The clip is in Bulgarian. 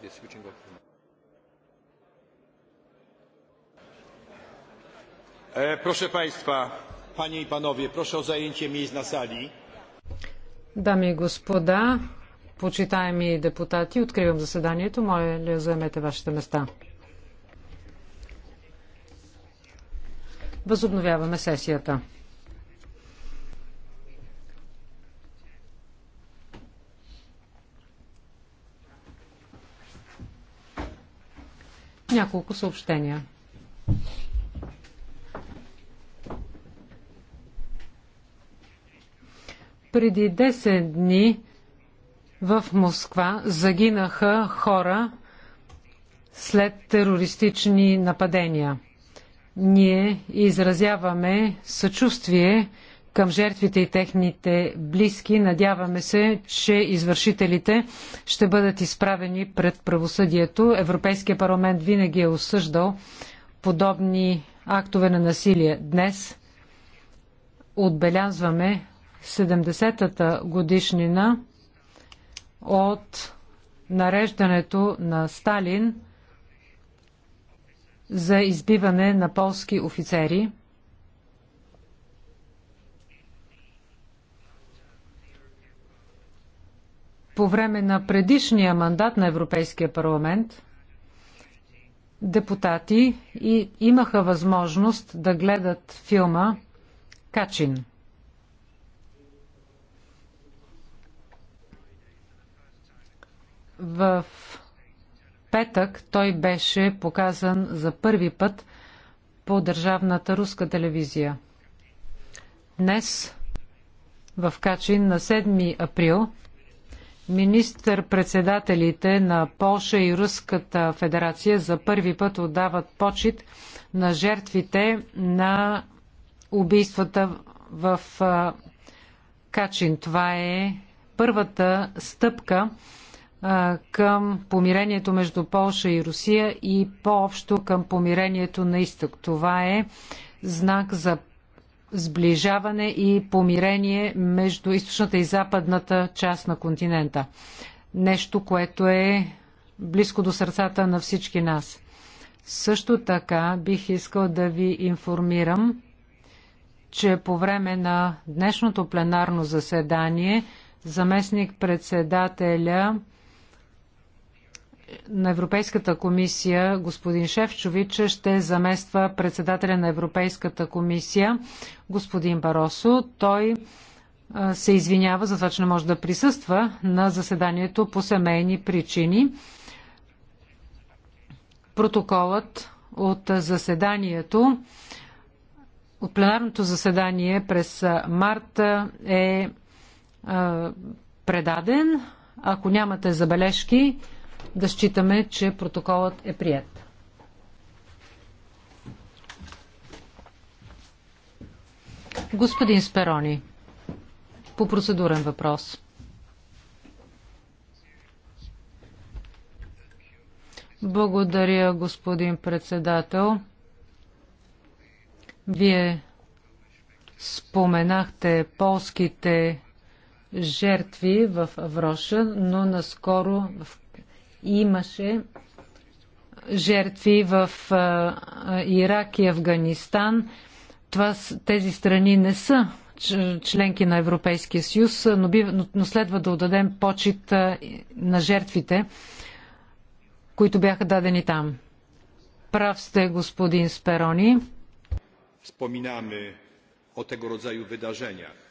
they're switching off. Proszę Państwa, Panie i Panowie, proszę o zajęcie miejsc na sali. Дами и господа, почитаеми депутати, откривам заседанието. Моля ли заемете вашите места? Възобновяваме сесията. Няколко съобщения. Преди 10 дни в Москва загинаха хора след терористични нападения. Ние изразяваме съчувствие към жертвите и техните близки. Надяваме се, че извършителите ще бъдат изправени пред правосъдието. Европейския парламент винаги е осъждал подобни актове на насилие. Днес отбелязваме 70-та годишнина от нареждането на Сталин за избиване на полски офицери – По време на предишния мандат на Европейския парламент депутати и имаха възможност да гледат филма Качин. В петък той беше показан за първи път по държавната руска телевизия. Днес в Качин на 7 април Министър-председателите на Полша и Руската федерация за първи път отдават почет на жертвите на убийствата в Качин. Това е първата стъпка към помирението между Полша и Русия и по-общо към помирението на изток. Това е знак за сближаване и помирение между източната и западната част на континента. Нещо, което е близко до сърцата на всички нас. Също така бих искал да ви информирам, че по време на днешното пленарно заседание заместник председателя на Европейската комисия господин Шефчович ще замества председателя на Европейската комисия господин Баросо. Той се извинява за това, че не може да присъства на заседанието по семейни причини. Протоколът от заседанието, от пленарното заседание през марта е предаден. Ако нямате забележки, да считаме, че протоколът е прият. Господин Сперони, по процедурен въпрос. Благодаря, господин председател. Вие споменахте полските жертви в Вроша, но наскоро в имаше жертви в Ирак и Афганистан. Това, тези страни не са членки на Европейския съюз, но, бив, но, следва да отдадем почет на жертвите, които бяха дадени там. Прав сте, господин Сперони. Споминаме о тего родзаю wydarzeniach